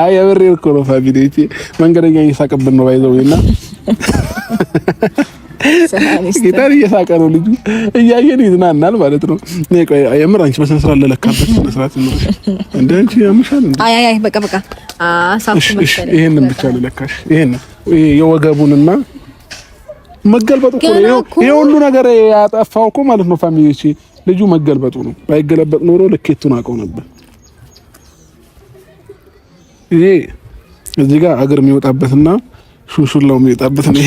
አይ የብሬ እኮ ነው። ፋሚሊቲ መንገደኛ እየሳቀብን ነው ባይዘው እና ጌታን እየሳቀ ነው ልጁ እያየን ይዝናናል ማለት ነው። የምር አንቺ በስነ ስርዓት ለለካበት ስነ ስርዓት ነው እንደ አንቺ ያምሻል። አይ አይ በቃ በቃ ይሄንን ብቻ ልለካሽ። ይሄን የወገቡንና መገልበጡ ይሄ ሁሉ ነገር ያጠፋው እኮ ማለት ነው ፋሚሊቲ ልጁ መገልበጡ ነው። ባይገለበጥ ኖሮ ልኬቱን አውቀው ነበር። ይሄ እዚህ ጋር እግር የሚወጣበትና ሹሹላው የሚወጣበት ነው።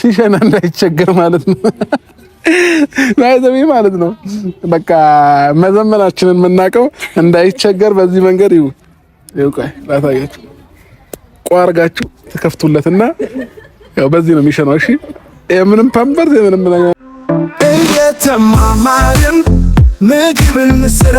ሲሸና እንዳይቸገር ማለት ነው። ናይዘቤ ማለት ነው። በቃ መዘመናችንን የምናውቀው እንዳይቸገር በዚህ መንገድ ይው ይውቃይ ቃይ ላታያችሁ ቋርጋችሁ ትከፍቱለትና ያው በዚህ ነው የሚሸናው። እሺ የምንም ፓምፐርስ የምንም ነገር እየተማማርን ምግብን ስራ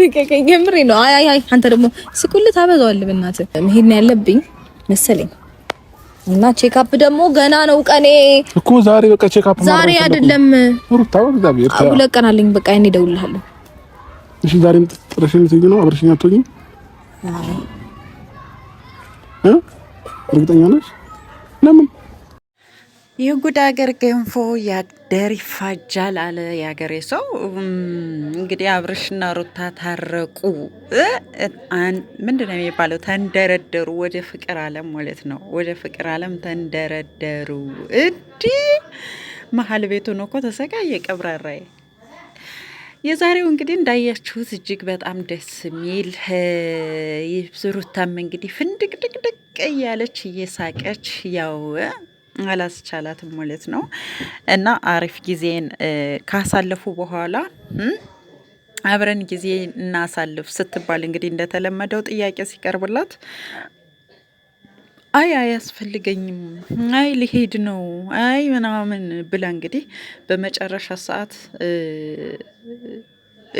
ልቀቀኝ፣ የምሬ ነው። አይ አይ አይ፣ አንተ ደግሞ ስኩል ታበዛዋለህ። በእናትህ መሄድ ነው ያለብኝ መሰለኝ። እና ቼክአፕ ደግሞ ገና ነው ቀኔ እኮ ዛሬ። በቃ ቼክአፕ ዛሬ አይደለም ሩታ፣ እግዚአብሔር ታው ለቀናልኝ። በቃ እኔ እደውልልሃለሁ። እሺ፣ ጥረሽኝ ትይኝ ነው አብረሽኝ አትሆኝም? እርግጠኛ ነሽ? ለምን የጉድ ሀገር ገንፎ ያደር ይፋጃል አለ የሀገሬ ሰው። እንግዲህ አብርሽና ሩታ ታረቁ። ምንድን ነው የሚባለው? ተንደረደሩ ወደ ፍቅር አለም ማለት ነው። ወደ ፍቅር አለም ተንደረደሩ። እንዲህ መሀል ቤቱን እኮ ተሰቃየ ቀብራራዬ። የዛሬው እንግዲህ እንዳያችሁት እጅግ በጣም ደስ የሚል ይህ ሩታም እንግዲህ ፍንድቅድቅድቅ እያለች እየሳቀች ያው አላስቻላትም ማለት ነው። እና አሪፍ ጊዜን ካሳለፉ በኋላ አብረን ጊዜ እናሳልፍ ስትባል እንግዲህ እንደተለመደው ጥያቄ ሲቀርብላት አይ አያስፈልገኝም፣ አይ ሊሄድ ነው፣ አይ ምናምን ብላ እንግዲህ በመጨረሻ ሰዓት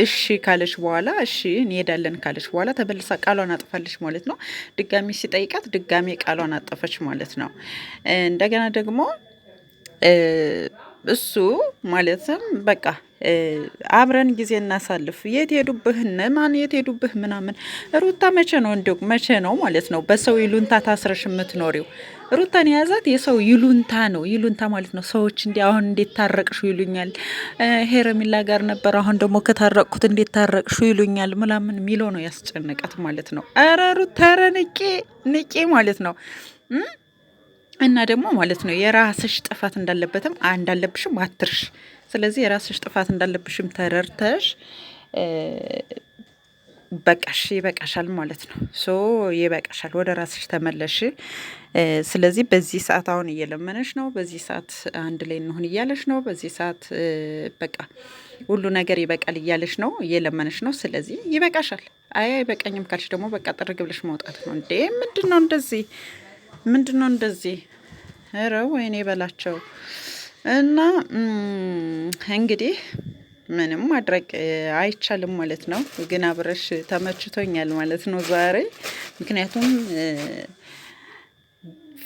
እሺ ካለች በኋላ እሺ እንሄዳለን ካለች በኋላ ተበልሳ ቃሏን አጥፋለች ማለት ነው። ድጋሚ ሲጠይቃት ድጋሚ ቃሏን አጠፈች ማለት ነው። እንደገና ደግሞ እሱ ማለትም በቃ አብረን ጊዜ እናሳልፍ። የት ሄዱብህን? ማን የት ሄዱብህ? ምናምን ሩታ መቼ ነው እንዲሁ መቼ ነው ማለት ነው በሰው ይሉንታ ታስረሽ የምትኖሪው? ሩታን የያዛት የሰው ይሉንታ ነው። ይሉንታ ማለት ነው ሰዎች እንዲ አሁን እንዴት ታረቅሹ ይሉኛል። ሄረሚላ ጋር ነበር፣ አሁን ደግሞ ከታረቅኩት እንዴት ታረቅሹ ይሉኛል ምናምን የሚለው ነው ያስጨነቃት ማለት ነው። ኧረ ሩታ ኧረ ንቄ ንቄ ማለት ነው። እና ደግሞ ማለት ነው የራስሽ ጥፋት እንዳለበትም እንዳለብሽም አትርሽ። ስለዚህ የራስሽ ጥፋት እንዳለብሽም ተረርተሽ በቃሽ ይበቃሻል ማለት ነው። ሶ ይበቃሻል፣ ወደ ራስሽ ተመለሽ። ስለዚህ በዚህ ሰዓት አሁን እየለመነሽ ነው፣ በዚህ ሰዓት አንድ ላይ እንሆን እያለሽ ነው፣ በዚህ ሰዓት በቃ ሁሉ ነገር ይበቃል እያለሽ ነው፣ እየለመነሽ ነው። ስለዚህ ይበቃሻል። አይ አይበቃኝም ካልሽ ደግሞ በቃ ጥርግ ብለሽ መውጣት ነው። እንዴ ምንድን ነው እንደዚህ ምንድን ነው እንደዚህ ረው ወይኔ በላቸው እና እንግዲህ ምንም ማድረግ አይቻልም ማለት ነው። ግን አብረሽ ተመችቶኛል ማለት ነው ዛሬ ምክንያቱም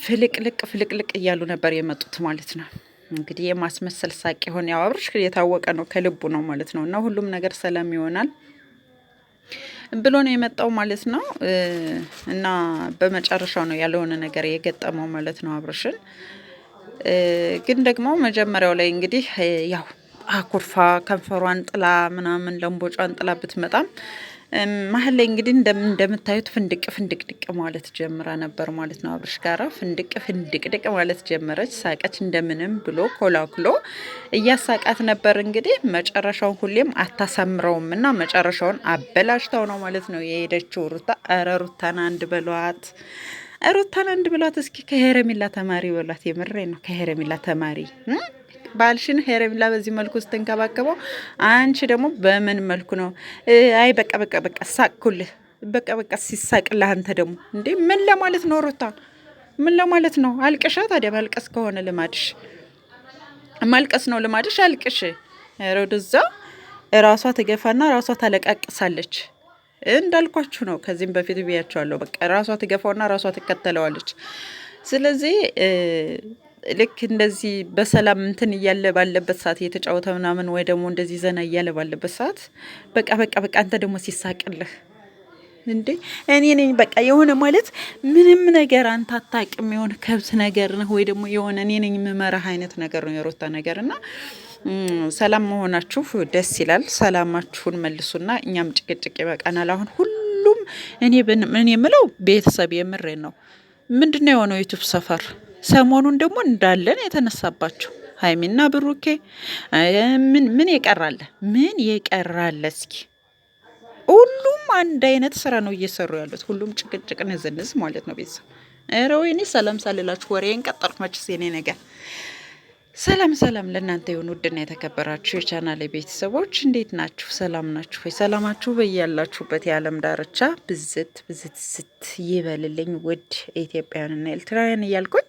ፍልቅልቅ ፍልቅልቅ እያሉ ነበር የመጡት ማለት ነው። እንግዲህ የማስመሰል ሳቅ ይሆን ያው የታወቀ ነው ከልቡ ነው ማለት ነው እና ሁሉም ነገር ሰላም ይሆናል። ብሎ ነው የመጣው ማለት ነው። እና በመጨረሻው ነው ያለውን ነገር የገጠመው ማለት ነው አብርሽን። ግን ደግሞ መጀመሪያው ላይ እንግዲህ ያው አኩርፋ ከንፈሯን ጥላ ምናምን ለምቦጫን ጥላ ብትመጣም መሀል ላይ እንግዲህ እንደምታዩት ፍንድቅ ፍንድቅ ድቅ ማለት ጀምራ ነበር ማለት ነው። አብርሽ ጋራ ፍንድቅ ፍንድቅ ድቅ ማለት ጀመረች። ሳቀች እንደምንም ብሎ ኮላኩሎ እያሳቃት ነበር። እንግዲህ መጨረሻውን ሁሌም አታሰምረውም እና መጨረሻውን አበላሽተው ነው ማለት ነው የሄደችው ሩታ። እረ ሩታን አንድ በሏት ሩታን አንድ ብሏት። እስኪ ከሄረሚላ ተማሪ በሏት። የምሬ ነው ከሄረሚላ ተማሪ ባልሽን ሄረሚላ በዚህ መልኩ ስትንከባከበው አንቺ ደግሞ በምን መልኩ ነው? አይ በቃ በቃ በቃ ሳቅኩልህ፣ በቃ በቃ ሲሳቅልህ አንተ ደግሞ እንዴ ምን ለማለት ነው? ሩታ ምን ለማለት ነው? አልቅሻ ታዲያ ማልቀስ ከሆነ ልማድሽ ማልቀስ ነው ልማድሽ፣ አልቅሽ። ሮድዛ ራሷ ትገፋና ራሷ ታለቃቅሳለች። እንዳልኳችሁ ነው፣ ከዚህም በፊት ብያቸዋለሁ። በቃ ራሷ ትገፋውና ራሷ ትከተለዋለች። ስለዚህ ልክ እንደዚህ በሰላም እንትን እያለ ባለበት ሰዓት እየተጫወተ ምናምን ወይ ደግሞ እንደዚህ ዘና እያለ ባለበት ሰዓት በቃ በቃ በቃ አንተ ደግሞ ሲሳቅልህ እንዴ እኔ ነኝ በቃ የሆነ ማለት ምንም ነገር አንተ አታውቅም። የሆነ ከብት ነገር ነህ ወይ ደግሞ የሆነ እኔ ነኝ የምመራህ አይነት ነገር ነው የሮታ ነገር እና ሰላም መሆናችሁ ደስ ይላል። ሰላማችሁን መልሱና እኛም ጭቅጭቅ ይበቃናል። አሁን ሁሉም እኔ ምን የምለው ቤተሰብ የምሬን ነው ምንድነው የሆነው ዩቱብ ሰፈር ሰሞኑን ደግሞ እንዳለን የተነሳባቸው ሀይሚና ብሩኬ ምን ምን የቀራለ ምን የቀራለ እስኪ ሁሉም አንድ አይነት ስራ ነው እየሰሩ ያሉት። ሁሉም ጭቅጭቅ ንዝንዝ ማለት ነው። ቤተሰብ ኧረ ወይኔ ሰላም ሳልላችሁ ወሬን ቀጠርኩ። መችስ የኔ ነገር ሰላም ሰላም ለእናንተ የሆኑ ውድና የተከበራችሁ የቻናሌ ቤተሰቦች እንዴት ናችሁ? ሰላም ናችሁ ወይ? ሰላማችሁ በያላችሁበት የዓለም ዳርቻ ብዝት ብዝት ስት ይበልልኝ ውድ ኢትዮጵያውያንና ኤርትራውያን እያልኩኝ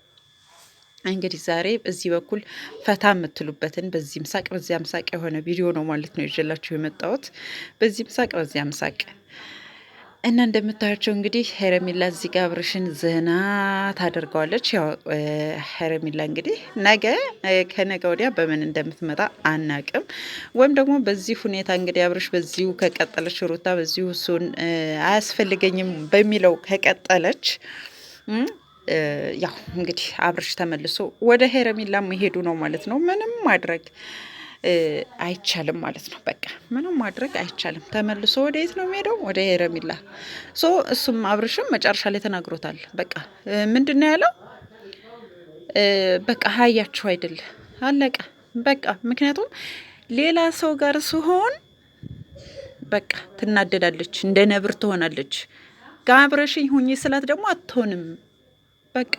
እንግዲህ ዛሬ በዚህ በኩል ፈታ የምትሉበትን በዚህም ሳቅ በዚያም ሳቅ የሆነ ቪዲዮ ነው ማለት ነው ይዤላችሁ የመጣሁት። በዚህም ሳቅ በዚያም ሳቅ እና እንደምታያቸው እንግዲህ ሄረሚላ እዚህ ጋር አብርሽን ዝህና ታደርገዋለች። ያው ሄረሚላ እንግዲህ ነገ ከነገ ወዲያ በምን እንደምትመጣ አናቅም። ወይም ደግሞ በዚህ ሁኔታ እንግዲህ አብርሽ በዚሁ ከቀጠለች፣ ሩታ በዚሁ እሱን አያስፈልገኝም በሚለው ከቀጠለች ያው እንግዲህ አብርሽ ተመልሶ ወደ ሄረሚላ መሄዱ ነው ማለት ነው። ምንም ማድረግ አይቻልም ማለት ነው። በቃ ምንም ማድረግ አይቻልም። ተመልሶ ወደ የት ነው የሚሄደው? ወደ ሄረሚላ። ሶ እሱም አብርሽም መጨረሻ ላይ ተናግሮታል። በቃ ምንድን ነው ያለው? በቃ ሀያችሁ አይደል? አለቀ። በቃ ምክንያቱም ሌላ ሰው ጋር ሲሆን በቃ ትናደዳለች፣ እንደ ነብር ትሆናለች። ከአብርሽ ሁኚ ስላት ደግሞ አትሆንም በቃ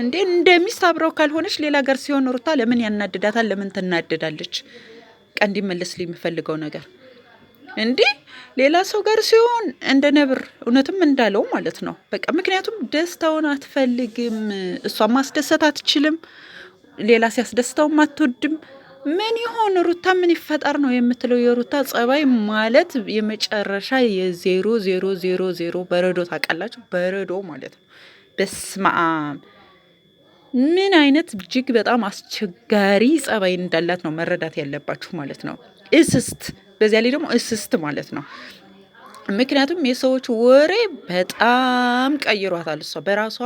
እንዴ እንደ ሚስት አብረው ካልሆነች ሌላ ገር ሲሆን ሩታ ለምን ያናድዳታል? ለምን ትናደዳለች? ቀ እንዲመለስ የሚፈልገው ነገር እንዲህ ሌላ ሰው ጋር ሲሆን እንደ ነብር እውነትም እንዳለው ማለት ነው። በቃ ምክንያቱም ደስታውን አትፈልግም፣ እሷን ማስደሰት አትችልም፣ ሌላ ሲያስደስተውም አትወድም። ምን ይሆን ሩታ ምን ይፈጠር ነው የምትለው። የሩታ ጸባይ ማለት የመጨረሻ የዜሮ ዜሮ ዜሮ ዜሮ በረዶ ታውቃላችሁ፣ በረዶ ማለት ነው። በስማም ምን አይነት እጅግ በጣም አስቸጋሪ ጸባይ እንዳላት ነው መረዳት ያለባችሁ ማለት ነው። እስስት በዚያ ላይ ደግሞ እስስት ማለት ነው። ምክንያቱም የሰዎች ወሬ በጣም ቀይሯታል። እሷ በራሷ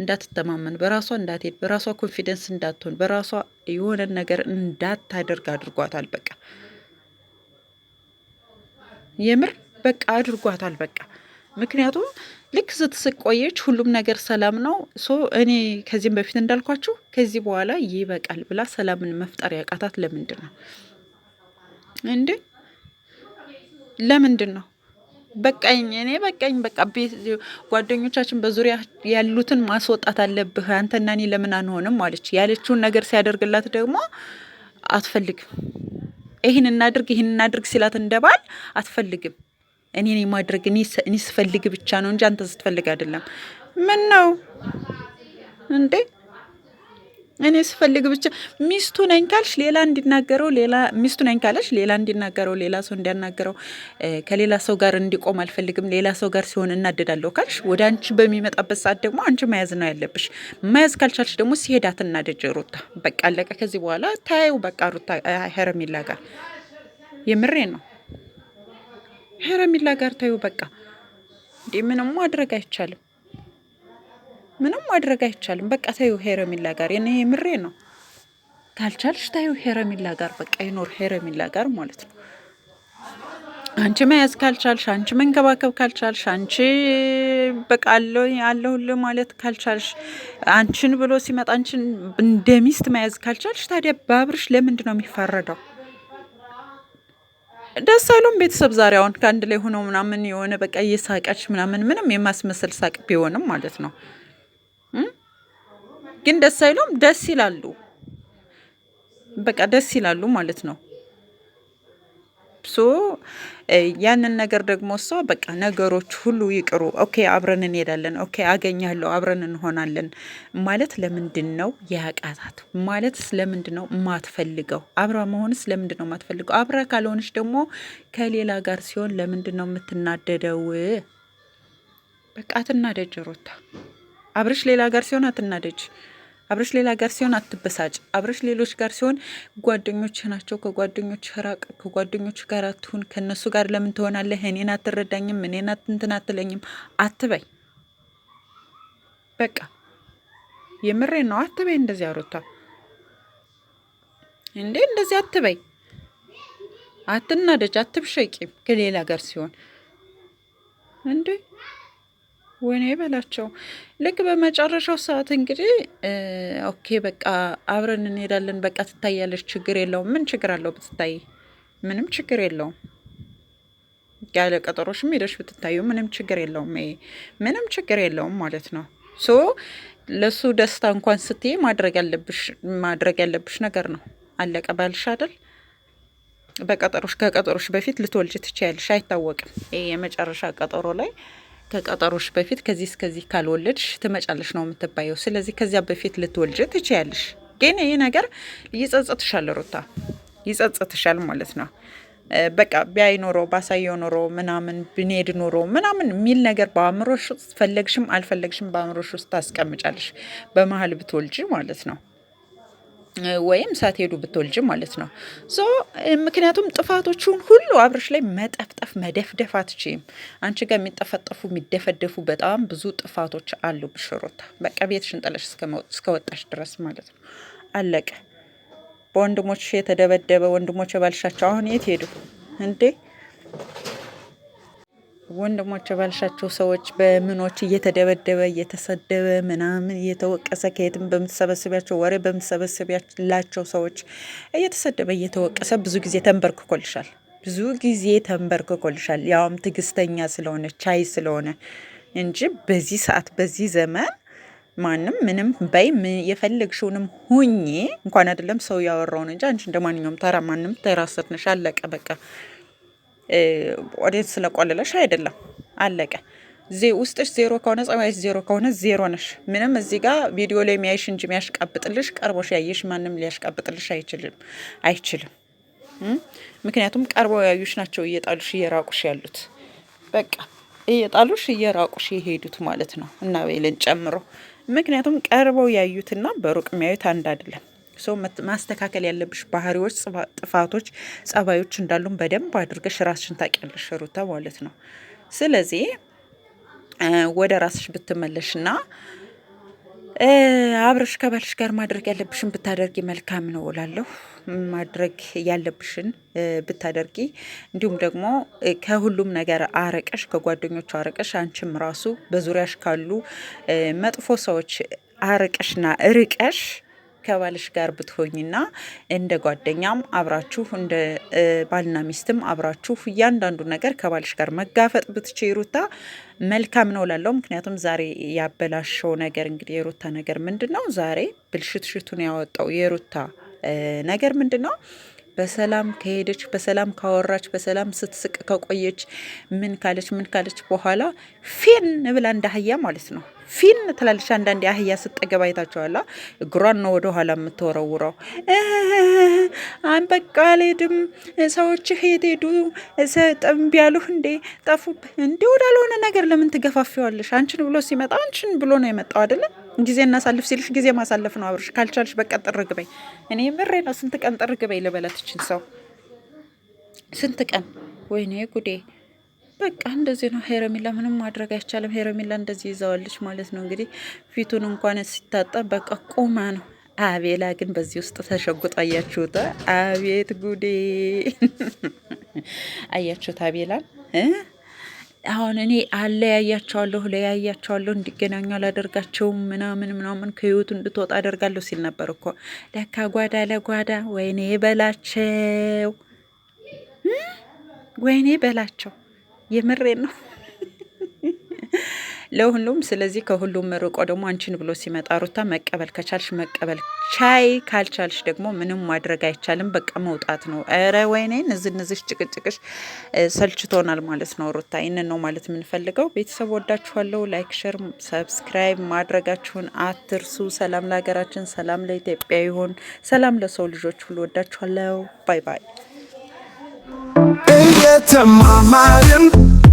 እንዳትተማመን፣ በራሷ እንዳትሄድ፣ በራሷ ኮንፊደንስ እንዳትሆን፣ በራሷ የሆነ ነገር እንዳታደርግ አድርጓታል። በቃ የምር በቃ አድርጓታል። በቃ ምክንያቱም ልክ ስትስቅ ቆየች። ሁሉም ነገር ሰላም ነው። ሶ እኔ ከዚህም በፊት እንዳልኳችሁ ከዚህ በኋላ ይበቃል ብላ ሰላምን መፍጠር ያቃታት ለምንድን ነው እንዴ? ለምንድን ነው በቃኝ፣ እኔ በቃኝ፣ በቃ ጓደኞቻችን በዙሪያ ያሉትን ማስወጣት አለብህ አንተና እኔ ለምን አንሆንም አለች። ያለችውን ነገር ሲያደርግላት ደግሞ አትፈልግም። ይህን እናድርግ፣ ይህን እናድርግ ሲላት እንደባል አትፈልግም። እኔን የማድረግ እኔ ስፈልግ ብቻ ነው እንጂ አንተ ስትፈልግ አይደለም። ምን ነው እንዴ? እኔ ስፈልግ ብቻ ሚስቱ ነኝ ካልሽ ሌላ እንዲናገረው ሌላ ሚስቱ ነኝ ካለሽ ሌላ እንዲናገረው ሌላ ሰው እንዲያናገረው ከሌላ ሰው ጋር እንዲቆም አልፈልግም። ሌላ ሰው ጋር ሲሆን እናደዳለሁ ካልሽ ወደ አንቺ በሚመጣበት ሰዓት ደግሞ አንቺ መያዝ ነው ያለብሽ። መያዝ ካልቻልሽ ደግሞ ሲሄድ አትናደጅ ሩታ። በቃ አለቀ። ከዚህ በኋላ ታየው በቃ ሩታ ሄረሚላ ጋር የምሬ ነው ሄረሚላ ጋር ታዩ። በቃ እንዴ ምንም ማድረግ አይቻልም፣ ምንም ማድረግ አይቻልም። በቃ ታዩ ሄረሚላ ጋር እኔ የምሬ ነው። ካልቻልሽ ታዩ ሄረሚላ ጋር በቃ ይኖር ሄረሚላ ጋር ማለት ነው። አንቺ መያዝ ካልቻልሽ፣ አንቺ መንከባከብ ካልቻልሽ፣ አንቺ በቃ አለሁልህ ማለት ካልቻልሽ፣ አንቺን ብሎ ሲመጣ አንቺን እንደ ሚስት መያዝ ካልቻልሽ፣ ታዲያ በአብርሽ ለምንድን ነው የሚፈረደው? ደስ አይሉም ቤተሰብ ዛሬ አሁን ከአንድ ላይ ሆኖ ምናምን የሆነ በቃ እየሳቀች ምናምን ምንም የማስመሰል ሳቅ ቢሆንም ማለት ነው። ግን ደስ አይሉም። ደስ ይላሉ፣ በቃ ደስ ይላሉ ማለት ነው ሶ ያንን ነገር ደግሞ እሷ በቃ ነገሮች ሁሉ ይቅሩ፣ ኦኬ አብረን እንሄዳለን፣ ኦኬ አገኛለሁ፣ አብረን እንሆናለን ማለት ለምንድን ነው የአቃታት? ማለት ስለምንድን ነው ማትፈልገው? አብራ መሆንስ ለምንድን ነው ማትፈልገው? አብራ ካልሆነች ደግሞ ከሌላ ጋር ሲሆን ለምንድን ነው የምትናደደው? በቃ አትናደጅ ሩታ። አብርሽ ሌላ ጋር ሲሆን አትናደጅ። አብረሽ ሌላ ጋር ሲሆን አትበሳጭ። አብረሽ ሌሎች ጋር ሲሆን ጓደኞች ናቸው፣ ከጓደኞች ራቅ፣ ከጓደኞች ጋር አትሁን። ከእነሱ ጋር ለምን ትሆናለህ? እኔን አትረዳኝም፣ እኔን እንትን አትለኝም አትበይ። በቃ የምሬ ነው። አትበይ እንደዚህ አሮታ እንዴ እንደዚህ አትበይ። አትናደጅ፣ አትብሸቂም ከሌላ ጋር ሲሆን እንዴ ወይኔ በላቸው። ልክ በመጨረሻው ሰዓት እንግዲህ ኦኬ በቃ አብረን እንሄዳለን፣ በቃ ትታያለች፣ ችግር የለውም። ምን ችግር አለው ብትታይ? ምንም ችግር የለውም። ያለ ቀጠሮሽም ሄደሽ ብትታዩ ምንም ችግር የለውም። ይሄ ምንም ችግር የለውም ማለት ነው። ሶ ለሱ ደስታ እንኳን ስትይ ማድረግ ያለብሽ ማድረግ ያለብሽ ነገር ነው። አለቀ ባልሽ አይደል? በቀጠሮሽ ከቀጠሮሽ በፊት ልትወልጅ ትችያለሽ፣ አይታወቅም። ይሄ የመጨረሻ ቀጠሮ ላይ ከቀጠሮሽ በፊት ከዚህ እስከዚህ ካልወለድሽ ትመጫለሽ ነው የምትባየው። ስለዚህ ከዚያ በፊት ልትወልጅ ትችያለሽ። ግን ይህ ነገር ይጸጸትሻል፣ ሩታ ይጸጸትሻል ማለት ነው። በቃ ቢያይ ኖሮ ባሳየው ኖሮ ምናምን ብንሄድ ኖሮ ምናምን የሚል ነገር በአእምሮሽ ውስጥ ፈለግሽም አልፈለግሽም በአእምሮሽ ውስጥ ታስቀምጫለሽ፣ በመሀል ብትወልጅ ማለት ነው። ወይም ሳትሄዱ ብትወልጅ ማለት ነው። ሶ ምክንያቱም ጥፋቶቹን ሁሉ አብርሽ ላይ መጠፍጠፍ መደፍደፍ አትችይም። አንቺ ጋር የሚጠፈጠፉ የሚደፈደፉ በጣም ብዙ ጥፋቶች አሉ። ብሽሮታ በቃ ቤትሽን ጥለሽ እስከወጣሽ ድረስ ማለት ነው። አለቀ። በወንድሞች የተደበደበ ወንድሞች የባልሻቸው አሁን የት ሄዱ እንዴ? ወንድሞች ባልሻቸው ሰዎች በምኖች እየተደበደበ እየተሰደበ ምናምን እየተወቀሰ ከየትም በምትሰበስቢያቸው ወሬ በምትሰበስቢያላቸው ሰዎች እየተሰደበ እየተወቀሰ ብዙ ጊዜ ተንበርክኮልሻል። ብዙ ጊዜ ተንበርክኮልሻል። ያውም ትግስተኛ ስለሆነ ቻይ ስለሆነ እንጂ በዚህ ሰዓት በዚህ ዘመን ማንም ምንም በይ የፈለግሽውንም ሁኜ እንኳን አይደለም ሰው ያወራውን እንጂ አንቺ እንደ ማንኛውም ተራ ማንም ተራ ነሽ። አለቀ በቃ። ኦዲንስ ስለቆለለሽ አይደለም፣ አለቀ። ውስጥሽ ዜሮ ከሆነ ጸባይሽ ዜሮ ከሆነ ዜሮ ነሽ። ምንም እዚህ ጋር ቪዲዮ ላይ የሚያይሽ እንጂ የሚያሽቃብጥልሽ ቀርቦሽ ያየሽ ማንም ሊያሽቃብጥልሽ አይችልም አይችልም። ምክንያቱም ቀርቦ ያዩሽ ናቸው እየጣሉሽ እየራቁሽ ያሉት በቃ እየጣሉሽ እየራቁሽ የሄዱት ማለት ነው እና ቤልን ጨምሮ ምክንያቱም ቀርበው ያዩትና በሩቅ የሚያዩት አንድ አይደለም። ሰው ማስተካከል ያለብሽ ባህሪዎች፣ ጥፋቶች፣ ጸባዮች እንዳሉም በደንብ አድርገሽ ራስሽን ታውቂያለሽ ሩታ ማለት ነው። ስለዚህ ወደ ራስሽ ብትመለሽና አብረሽ ከባልሽ ጋር ማድረግ ያለብሽን ብታደርጊ መልካም ነው እላለሁ። ማድረግ ያለብሽን ብታደርጊ እንዲሁም ደግሞ ከሁሉም ነገር አረቀሽ፣ ከጓደኞቹ አረቀሽ፣ አንቺም ራሱ በዙሪያሽ ካሉ መጥፎ ሰዎች አረቀሽና ርቀሽ ከባልሽ ጋር ብትሆኝና እንደ ጓደኛም አብራችሁ እንደ ባልና ሚስትም አብራችሁ እያንዳንዱ ነገር ከባልሽ ጋር መጋፈጥ ብትችይ ሩታ መልካም ነው ላለው። ምክንያቱም ዛሬ ያበላሸው ነገር እንግዲህ የሩታ ነገር ምንድን ነው? ዛሬ ብልሽትሽቱን ያወጣው የሩታ ነገር ምንድን ነው? በሰላም ከሄደች በሰላም ካወራች በሰላም ስትስቅ ከቆየች ምን ካለች ምን ካለች በኋላ ፊን ብላ እንደ አህያ ማለት ነው ፊን ትላለች። አንዳንዴ አህያ ስትጠገብ አይታችኋላ። እግሯን ነው ወደ ኋላ የምትወረውረው። አን በቃ አልሄድም፣ ሰዎችህ የት ሄዱ? እምቢ ያሉህ እንዴ ጠፉብ? እንዲህ ወዳልሆነ ነገር ለምን ትገፋፊዋለሽ? አንቺን ብሎ ሲመጣ አንቺን ብሎ ነው የመጣው አይደለም ጊዜ እናሳልፍ ሲልሽ ጊዜ ማሳለፍ ነው አብርሽ። ካልቻልሽ በቃ ጥርግ በይ። እኔ ምሬ ነው። ስንት ቀን ጥርግ በይ ልበላትችን ሰው ስንት ቀን? ወይኔ ጉዴ። በቃ እንደዚህ ነው ሄረሚላ። ምንም ማድረግ አይቻልም። ሄረሚላ እንደዚህ ይዘዋለች ማለት ነው እንግዲህ። ፊቱን እንኳን ሲታጠብ በቃ ቁማ ነው። አቤላ ግን በዚህ ውስጥ ተሸጉጦ አያችሁት? አቤት ጉዴ አያችሁት አቤላን አሁን እኔ አለያያቸዋለሁ ለያያቸዋለሁ እንዲገናኙ አላደርጋቸውም ምናምን ምናምን ከህይወቱ እንድትወጣ አደርጋለሁ ሲል ነበር እኮ። ለካ ጓዳ ለጓዳ ወይኔ በላቸው፣ ወይኔ በላቸው። የምሬን ነው። ለሁሉም ስለዚህ ከሁሉም ርቆ ደግሞ አንቺን ብሎ ሲመጣ ሩታ መቀበል ከቻልሽ መቀበል ቻይ፣ ካልቻልሽ ደግሞ ምንም ማድረግ አይቻልም። በቃ መውጣት ነው። ኧረ ወይኔ እዚህ ንዝሽ ጭቅጭቅሽ ሰልችቶናል ማለት ነው። ሩታ ይህንን ነው ማለት የምንፈልገው። ቤተሰብ ወዳችኋለሁ። ላይክ፣ ሸር፣ ሰብስክራይብ ማድረጋችሁን አትርሱ። ሰላም ለሀገራችን፣ ሰላም ለኢትዮጵያ ይሆን፣ ሰላም ለሰው ልጆች ሁሉ። ወዳችኋለሁ። ባይ ባይ። እየተማማርን